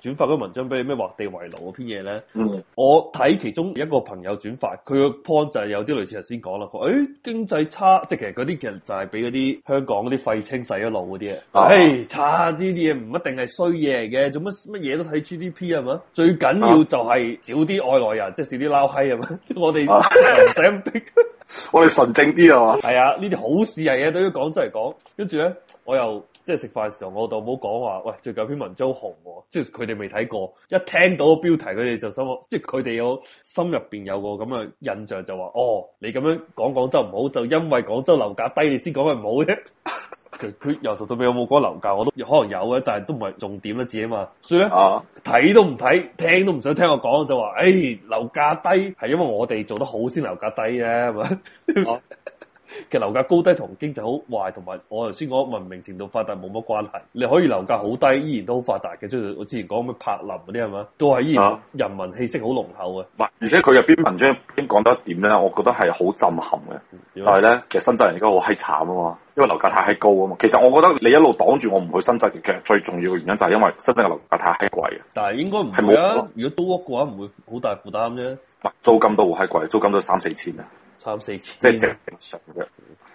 轉發嗰文章俾咩畫地為牢嗰篇嘢咧，嗯、我睇其中一個朋友轉發佢嘅 point 就係有啲類似頭先講啦，誒、哎、經濟差，即係其實嗰啲其實就係俾嗰啲香港嗰啲廢青洗咗腦嗰啲啊，誒、哎、差啲嘢唔一定係衰嘢嘅，做乜乜嘢都睇 GDP 係嘛，最緊要就係少啲外來人，即係少啲撈閪啊嘛，我哋唔使咁逼，我哋純正啲啊嘛，係啊，呢啲好事係嘢對於廣州嚟講，跟住咧我又即係食飯嘅時候，我老豆冇講話，喂，最近篇文章好紅喎，即係佢。你未睇過，一聽到標題佢哋就心，即係佢哋有心入邊有個咁嘅印象就話：哦，你咁樣講廣州唔好，就因為廣州樓價低，你先講係唔好啫，佢佢由頭到尾有冇講樓價，我都可能有嘅，但係都唔係重點啦，自己嘛。所以咧，啊，睇都唔睇，聽都唔想聽我講，就話：誒、哎，樓價低係因為我哋做得好先樓價低啫嘅，係咪？其實樓價高低同經濟好壞，同埋我頭先講文明程度發達冇乜關係。你可以樓價好低，依然都好發達嘅。即係我之前講咩柏林嗰啲係嘛，都係依然人民氣息好濃厚嘅。唔、啊啊、而且佢入邊文章已經講到一點咧，我覺得係好震撼嘅。麼就係咧，其實深圳人而家好閪慘啊嘛，因為樓價太閪高啊嘛。其實我覺得你一路擋住我唔去深圳，其實最重要嘅原因就係因為深圳嘅樓價太閪貴啊。但係應該唔係啊？如果都屋嘅話，唔會好大負擔啫。唔租金都好閪貴，租金都三四千啊。三四千，即係正常嘅，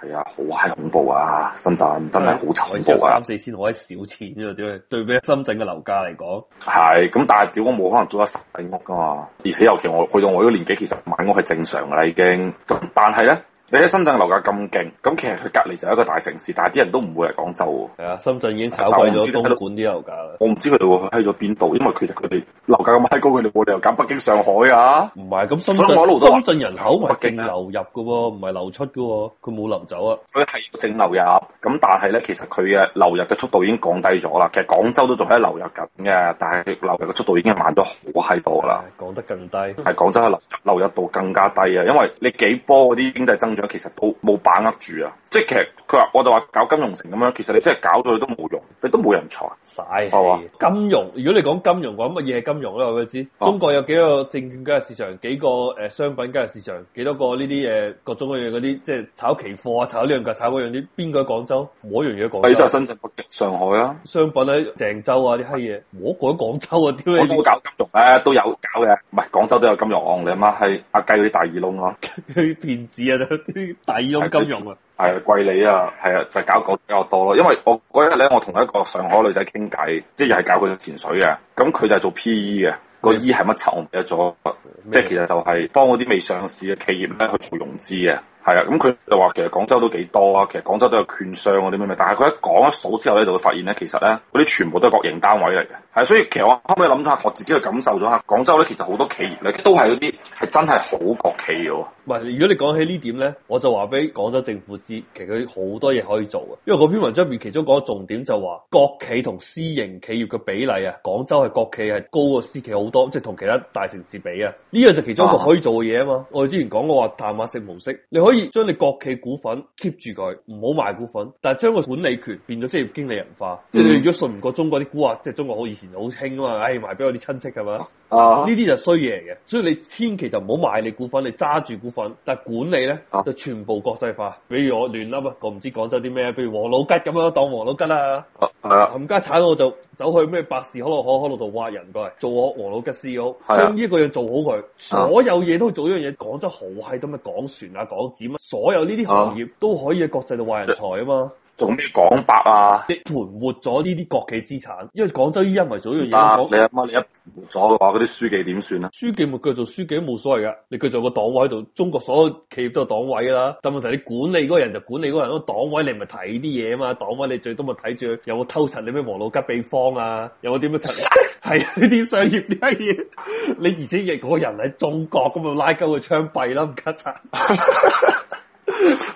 係啊，好閪恐怖啊！深圳真係好恐怖啊！三四千好閪少錢啊，點對比深圳嘅樓價嚟講？係咁，但係屌，我冇可能租得一世屋噶嘛？而且尤其我去到我呢個年紀，其實買屋係正常噶啦，已經咁，但係咧。你喺深圳樓價咁勁，咁其實佢隔離就係一個大城市，但係啲人都唔會嚟廣州喎。係啊，深圳已經炒貴咗東莞啲樓價啦。我唔知佢哋會去閪咗邊度，因為其實佢哋樓價咁閪高，佢哋冇理由揀北京上海啊。唔係咁深圳，深圳人口係勁流入嘅喎，唔係、啊、流出嘅喎，佢冇流走啊。佢係淨流入，咁但係咧，其實佢嘅流入嘅速度已經降低咗啦。其實廣州都仲喺流入緊嘅，但係流入嘅速度已經慢咗好閪多啦。講得更低，係廣州嘅流入流入度更加低啊，因為你幾波嗰啲經濟增其實冇冇把握住啊！即係。佢話：我就話搞金融城咁樣，其實你真係搞到佢都冇用，你都冇人才。係啊氣，好吧金融。如果你講金融嘅話，乜嘢係金融咧？我哋知中國有幾個證券交易市場，幾個誒、呃、商品交易市場，幾多個呢啲誒各種各樣嗰啲，即係炒期貨啊，炒呢樣嘅、炒嗰樣啲，邊個喺廣州？冇一樣嘢講。對，即係深圳、上海啊。商品喺、啊、鄭州啊啲閪嘢，冇、哎、講廣州啊啲。講到搞金融咧、啊，都有搞嘅，唔係廣州都有金融案，案。你阿媽係阿雞嗰啲大耳窿啊？嗰啲 騙子啊，啲 大耳窿金融啊。 係啊，貴利啊，係啊，就搞過比較多咯。因為我嗰日咧，我同一個上海女仔傾偈，即係又係搞佢嘅潛水嘅。咁佢就係做 P.E. 嘅，的個 E 係乜我唔記得咗，的即係其實就係幫嗰啲未上市嘅企業咧去做融資嘅。係啊，咁佢就話其實廣州都幾多啊，其實廣州都有券商嗰啲咩咩，但係佢一講一數之後咧，就會發現咧，其實咧嗰啲全部都係國營單位嚟嘅。係所以其實我可唔可以諗下，我自己去感受咗下廣州咧，其實好多企業咧都係嗰啲係真係好國企嘅喎。唔係，如果你講起呢點咧，我就話俾廣州政府知，其實佢好多嘢可以做嘅，因為嗰篇文章入面其中講重點就話國企同私營企業嘅比例啊，廣州係國企係高過私企好多，即係同其他大城市比啊。呢樣就其中一個可以做嘅嘢啊嘛。係啊。我哋之前講過話淡馬錫模式，你可可以將你國企股份 keep 住佢，唔好賣股份，但係將個管理權變咗，職業經理人化。嗯、即係如果信唔過中國啲股、哎、啊，即係中國好以前好興噶嘛，唉，賣俾我啲親戚係嘛，呢啲就衰嘢嚟嘅。所以你千祈就唔好賣你股份，你揸住股份，但係管理咧、啊、就全部國際化。比如我亂笠，啊，我唔知廣州啲咩，比如王老吉咁樣，當王老吉啊，冚家鏟，我就走去咩百事可樂、可口可樂度挖人過嚟，做我王老吉 CEO 將呢個嘢做好佢，所有嘢都做一樣嘢。廣州好閪多咩港船啊，港。所有呢啲行業都可以喺國際度挖人才啊嘛，做咩廣百啊？你盤活咗呢啲國企資產，因為廣州依家咪做呢樣嘢。你阿媽你一盤活咗嘅話，嗰啲書記點算啊？書記咪佢做書記都冇所謂噶，你佢做個黨委度，中國所有企業都係黨委噶啦。但問題你管理嗰個人就管理嗰個人咯，黨委你咪睇啲嘢啊嘛，黨委你最多咪睇住有冇偷襲你咩王老吉秘方啊，有冇點樣 係啊，呢啲商業啲閪嘢，你而且亦嗰人喺中國咁啊，拉鳩佢槍斃啦，唔咳柒。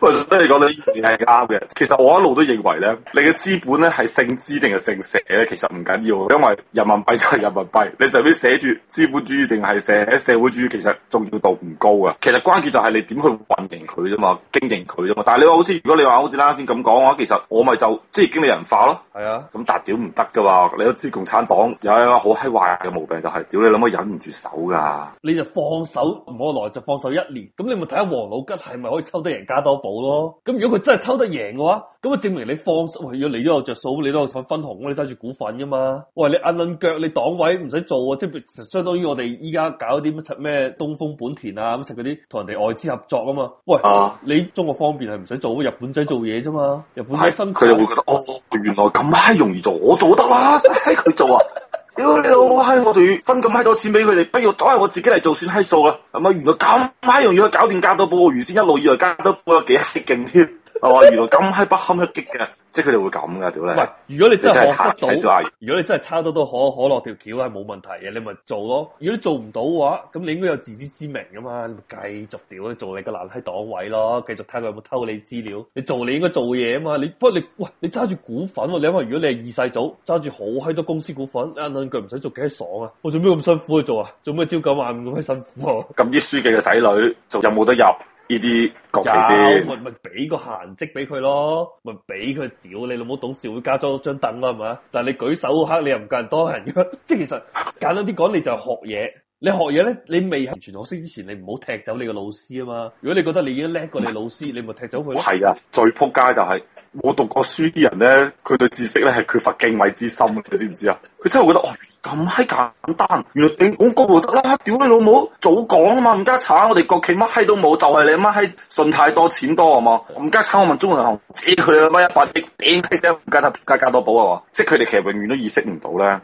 我真係講到呢件嘢係啱嘅。其實我一路都認為咧，你嘅資本咧係姓資定係姓社咧，其實唔緊要，要，因為人民幣就係人民幣。你上面寫住資本主義定係寫社會主義，其實重要度唔高噶。其實關鍵就係你點去運營佢啫嘛，經營佢啫嘛。但係你話好似如果你話好似啱先咁講嘅話，我其實我咪就即係經理人化咯。係啊。咁但屌唔得噶嘛？你都知共產黨有一個好閪壞嘅毛病就係、是、屌你諗下，忍唔住手噶，啊。你就放手唔好耐，可來，就放手一年。咁你咪睇下王老吉係咪可以抽得人加多寶咯，咁如果佢真係抽得贏嘅話，咁啊證明你放，喂，如果你咗我着數，你都想分紅，你揸住股份噶嘛？喂，你蹬蹬腳，你黨委唔使做啊，即係相當於我哋依家搞啲乜柒咩？東風本田啊，咁柒嗰啲同人哋外資合作啊嘛？喂，啊、你中國方面係唔使做，日本仔做嘢啫嘛？日本仔係，佢又會覺得哦，原來咁嗨容易做，我做得啦，使佢 做啊.？ 屌你老閪！我哋分咁閪多錢畀佢哋，不如都係我自己嚟做算閪數啦。咁啊，原來咁閪容易去搞掂加多寶，我原先一路以為加多寶有幾閪勁添，係嘛？原來咁閪不堪一擊嘅。即佢哋會咁噶，屌你！唔係，如果你真係學得到，如果你真係差多，到可口可樂條橋係冇問題嘅，你咪做咯。如果你做唔到嘅話，咁你應該有自知之明噶嘛，你咪繼續屌做你個爛閪黨位咯。繼續睇佢有冇偷你資料，你做你應該做嘢啊嘛。你不過你喂，你揸住股份，你諗下，如果你係二世祖，揸住好閪多公司股份，一兩句唔使做幾爽啊！我做咩咁辛苦去做啊？做咩朝九晚五咁閪辛苦啊？咁啲書記嘅仔女，仲有冇得入？呢啲角色有，先，咪咪俾個閒職俾佢咯，咪俾佢屌你老母董事會加多張凳咯，係咪啊？但係你舉手嗰刻，你又唔夠人多人， 即其實簡單啲講，你就係學嘢。你學嘢咧，你未完全學識之前，你唔好踢走你個老師啊嘛。如果你覺得你已經叻過你老師，是你咪踢走佢。係啊，最撲街就係、是、我讀過書啲人咧，佢對知識咧係缺乏敬畏之心，你知唔知啊？佢 真係覺得哦咁閪簡單，原來頂廣告就得啦。屌你老母，早講啊嘛，唔加炒我哋國企乜閪都冇，就係、是、你阿媽閪信太多錢多啊嘛。唔加炒我問中國銀行借佢啊媽一百億，頂閪死，唔加加加多寶啊，即係佢哋其實永遠都意識唔到咧。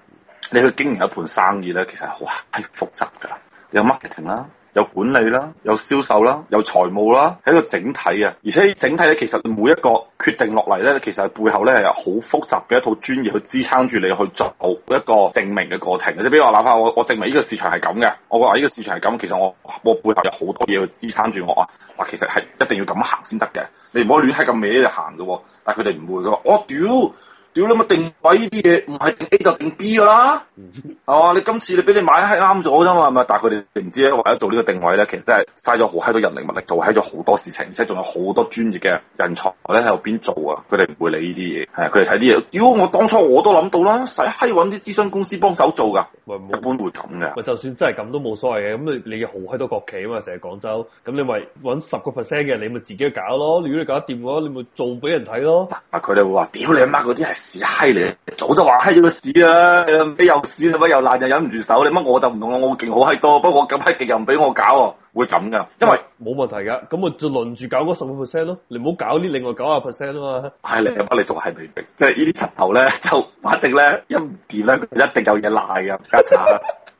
你去經營一盤生意咧，其實係好複雜噶，有 marketing 啦，有管理啦，有銷售啦，有財務啦，係一個整體啊，而且整體咧，其實每一個決定落嚟咧，其實背後咧係有好複雜嘅一套專業去支撐住你去做一個證明嘅過程。即係比如話，哪怕我我證明呢個市場係咁嘅，我話呢個市場係咁，其實我我背後有好多嘢去支撐住我啊。嗱，其實係一定要咁行先得嘅，你唔好亂喺咁歪度行嘅。但係佢哋唔會㗎，我屌！Oh, 屌你咪定位呢啲嘢，唔係 A 就定 B 噶啦，係嘛、 啊？你今次你俾你買係啱咗啫嘛，係咪？但係佢哋唔知咧，為咗做呢個定位咧，其實真係嘥咗好閪多人力物力，做閪咗好多事情，而且仲有好多專業嘅人才咧喺度邊做啊！佢哋唔會理呢啲嘢，係佢哋睇啲嘢。屌、呃、我當初我都諗到啦，使閪揾啲諮詢公司幫手做噶，唔冇般會咁嘅。咪就算真係咁都冇所謂嘅，咁你你好閪多國企啊嘛，成日廣州，咁你咪揾十個 percent 嘅，你咪自己搞咯。如果你搞得掂嘅話，你咪做俾人睇咯。嗱，佢哋會話：，屌你媽，嗰啲係。屎閪你，早就話閪咗個屎啦，你又屎啦，乜又爛，又忍唔住手，你乜我，我就唔同我，我勁好閪多，不過我咁閪勁又唔俾我搞，會咁噶，因為冇問題噶，咁我就輪住搞嗰十五 percent 咯，你唔好搞啲另外九十 percent 啊嘛，係你啊不你仲係未必，即係呢啲柒頭咧，就反正咧一唔掂咧，一定有嘢賴噶，家查，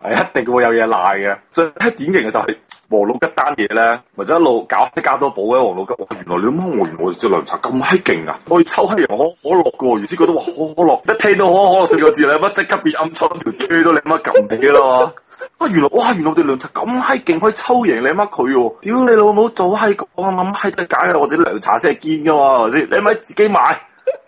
係 一定會有嘢賴嘅，最典型嘅就係、是。王老吉單嘢，咧，或者一路搞啲加多寶嘅王老吉哇，原來你媽我哋隻涼茶咁閪勁啊！我要可以抽起可可樂嘅，原先佢都話可可樂，一聽到可可樂四個字咧，乜即刻變暗倉，條腿都你媽撳死啦！ 啊，原來哇，原來我哋涼茶咁閪勁，可以抽贏你媽佢喎！屌 你老母，早係我啊，咁得假嘅我哋啲涼茶先係堅噶嘛，先你咪自己買，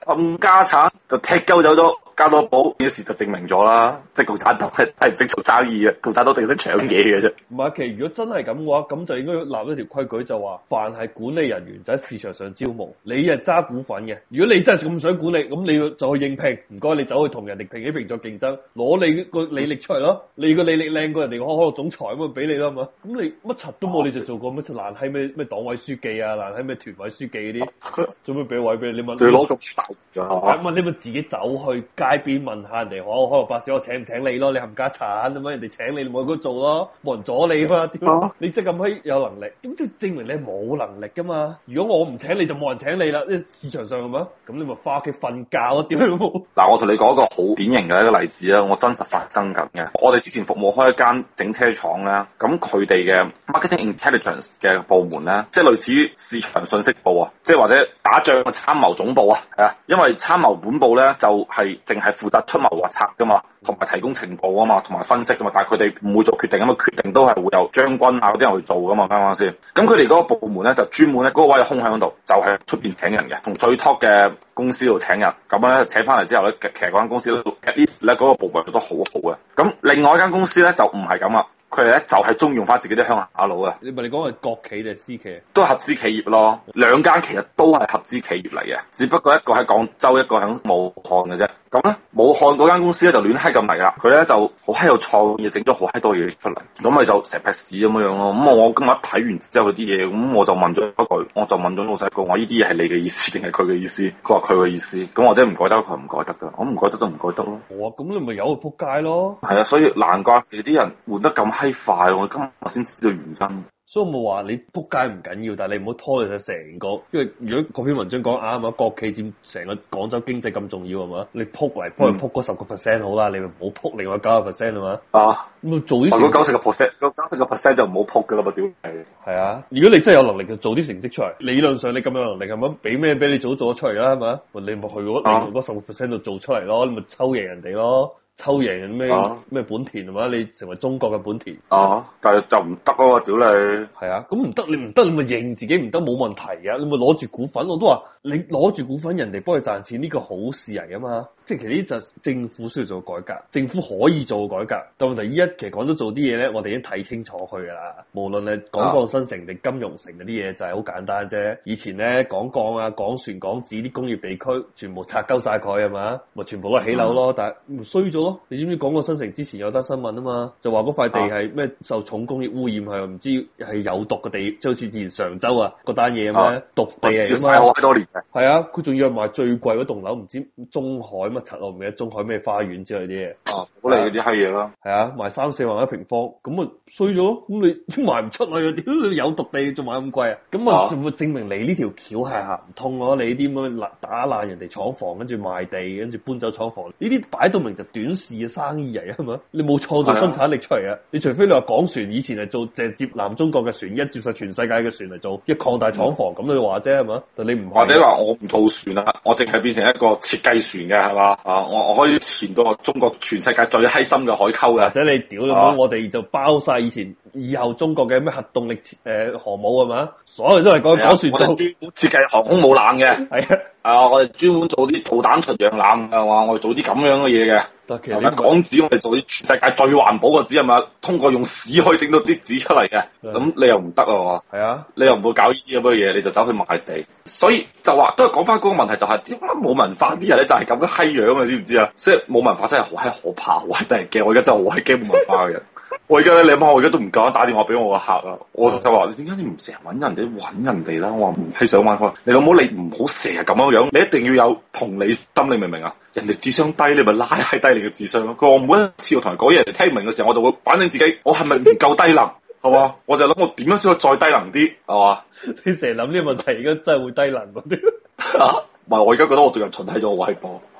冚、嗯、家產就踢鳩走咗。加多寶啲事就證明咗啦，即係共產黨係唔識做生意嘅，共產黨凈識搶嘢嘅啫。唔係，其實如果真係咁嘅話，咁就應該立一條規矩，就話凡係管理人員就喺市場上招募，你係揸股份嘅。如果你真係咁想管理，咁你就去應聘。唔該，你走去同人哋平起平坐競爭，攞你個履歷出嚟咯。你個履歷靚過人哋，我開個總裁咁就俾你啦嘛。咁你乜柒都冇，你就做過乜柒難閪咩咩黨委書記啊，難閪咩團委書記嗰啲，做咩俾位俾你？你問佢攞咁大嘅，啊，唔係你咪自己走去。街邊問下人哋，我開六百少，我請唔請你咯？你冚家鏟咁樣，人哋請你，你咪去嗰度做咯，冇人阻你嘛？點樣啊？你即係咁閪有能力，咁即係證明你冇能力噶嘛？如果我唔請你就冇人請你啦，呢市場上咁樣，咁你咪翻屋企瞓覺啊？屌你嗱，我同你講一個好典型嘅一個例子啊，我真實發生緊嘅，我哋之前服務開一間整車廠咧，咁佢哋嘅 Marketing Intelligence 嘅部門咧，即係類似於市場信息部啊，即係或者打仗嘅參謀總部啊，啊，因為參謀本部咧就係、是。定係負責出謀劃策噶嘛，同埋提供情報噶嘛，同埋分析噶嘛。但係佢哋唔會做決定，咁啊決定都係會由將軍啊嗰啲人去做噶嘛，啱啱先？咁佢哋嗰個部門咧就專門咧嗰、嗰個位空喺嗰度，就係出邊請人嘅，從最 top 嘅公司度請人。咁咧請翻嚟之後咧，其實嗰間公司咧嗰、嗰個部門做得好好嘅。咁另外一間公司咧就唔係咁啊，佢哋咧就係、係、中用翻自己啲鄉下佬啊。你問你講係國企定係私企？都係合資企業咯，兩間其實都係合資企業嚟嘅，只不過一個喺廣州，一個喺武漢嘅啫。咁咧，武漢嗰間公司咧就亂閪咁嚟啦，佢咧就好閪有創意，整咗好閪多嘢出嚟，咁咪就成匹屎咁樣樣咯。咁、嗯、我今日睇完之後啲嘢，咁我就問咗一句，我就問咗老細個，我呢啲嘢係你嘅意思定係佢嘅意思？佢話佢嘅意思，咁、嗯、或者唔改得，佢唔改得噶，我唔改得都唔改得咯。我啊、哦，咁你咪由佢扑街咯。係啊，所以難怪佢啲人換得咁閪快，我今日我先知道原因。所以我冇話你扑街唔緊要，但係你唔好拖累晒成個，因為如果嗰篇文章講啱啊，國企佔成個廣州經濟咁重要係嘛？你扑嚟扑去扑十個 percent 好啦，你咪唔好扑另外九十 percent 係嘛？啊，咁做啲九十個 percent，九十個 percent 就唔好扑噶啦嘛？點係係啊！如果你真係有能力，就做啲成績出嚟。理論上你咁有能力係咪？俾咩俾你早做，做得出嚟啦？係嘛？你咪去嗰十個 percent 度做出嚟咯，啊、你咪抽贏人哋咯。抽贏咩咩本田係嘛？啊、你成為中國嘅本田啊！但係就唔得啊，屌你，係啊，咁唔得你唔得，你咪認自己唔得冇問題啊！你咪攞住股份，我都話你攞住股份，人哋幫你賺錢呢個好事嚟、啊、噶嘛。即係其實呢就政府需要做改革，政府可以做改革。但問題依家其實講到做啲嘢咧，我哋已經睇清楚佢㗎啦。無論係廣鋼新城定金融城嗰啲嘢，就係好簡單啫。以前咧廣鋼啊廣船廣紙啲工業地區，全部拆鳩晒佢係嘛，咪全部都起樓咯，但係衰咗咯。你知唔知廣鋼新城之前有單新聞啊嘛，就話嗰塊地係咩受重工業污染係唔知係有毒嘅地，即係好似之前常州啊嗰單嘢咩毒地啊嘛，要好多年嘅。係啊，佢仲要賣最貴嗰棟樓，唔知中海。乜柒，我唔記得中海咩花園之類啲嘢，哦，好靚嗰啲黑嘢咯，係啊，賣、啊、三四萬一平方，咁啊衰咗，咁你賣唔出去啊？點你有毒地，地仲賣咁貴啊？咁啊，就會證明你呢條橋係行唔通咯。你啲咁打爛人哋廠房，跟住賣地，跟住搬走廠房，呢啲擺到明就短視嘅生意嚟啊，係嘛？你冇創造生產力出嚟啊？的你除非你話港船以前係做，直接南中國嘅船，一接受全世界嘅船嚟做，一擴大廠房咁你話啫係嘛？但你唔或者話我唔套船啊，我淨係變成一個設計船嘅係嘛？啊啊！我我可以潛到中國全世界最開心嘅海溝嘅，或者你屌咗、啊、我哋就包晒以前、以後中國嘅咩核動力誒、呃，航母係嘛？所有都係講講船的，就專設計航空母艦嘅。係的啊，我哋專門做啲導彈巡洋艦嘅話，我哋做啲咁樣嘅嘢嘅。特別港紙，我哋做啲全世界最環保嘅紙，係咪通過用屎可以整到啲紙出嚟嘅，咁的你又唔得啊？係啊的，你又唔會搞呢啲咁嘅嘢，你就走去賣地。所以就話都係講翻嗰個問題，就是，就係點解冇文化啲人咧就係咁樣閪樣嘅，知唔知啊？即係冇文化真係好閪可怕，好閪得人驚。我而家真係好閪驚冇文化嘅人。 我而家咧，你阿媽我而家都唔敢，打電話俾我個客啊，我就話你點解你唔成日揾人哋揾人哋啦？我話唔係想揾佢，你老母你唔好成日咁樣樣，你一定要有同理心，你明唔明啊？人哋智商低，你咪拉低低你嘅智商咯。佢話我每一次我同人講嘢，人哋聽唔明嘅時候，我就會反省自己，我係咪唔夠低能？係嘛， 我就諗我點樣先可以再低能啲？係嘛？ 你成日諗呢個問題，而家真係會低能嗰啲。 啊，唔係我而家覺得我最近蠢喺咗我好多。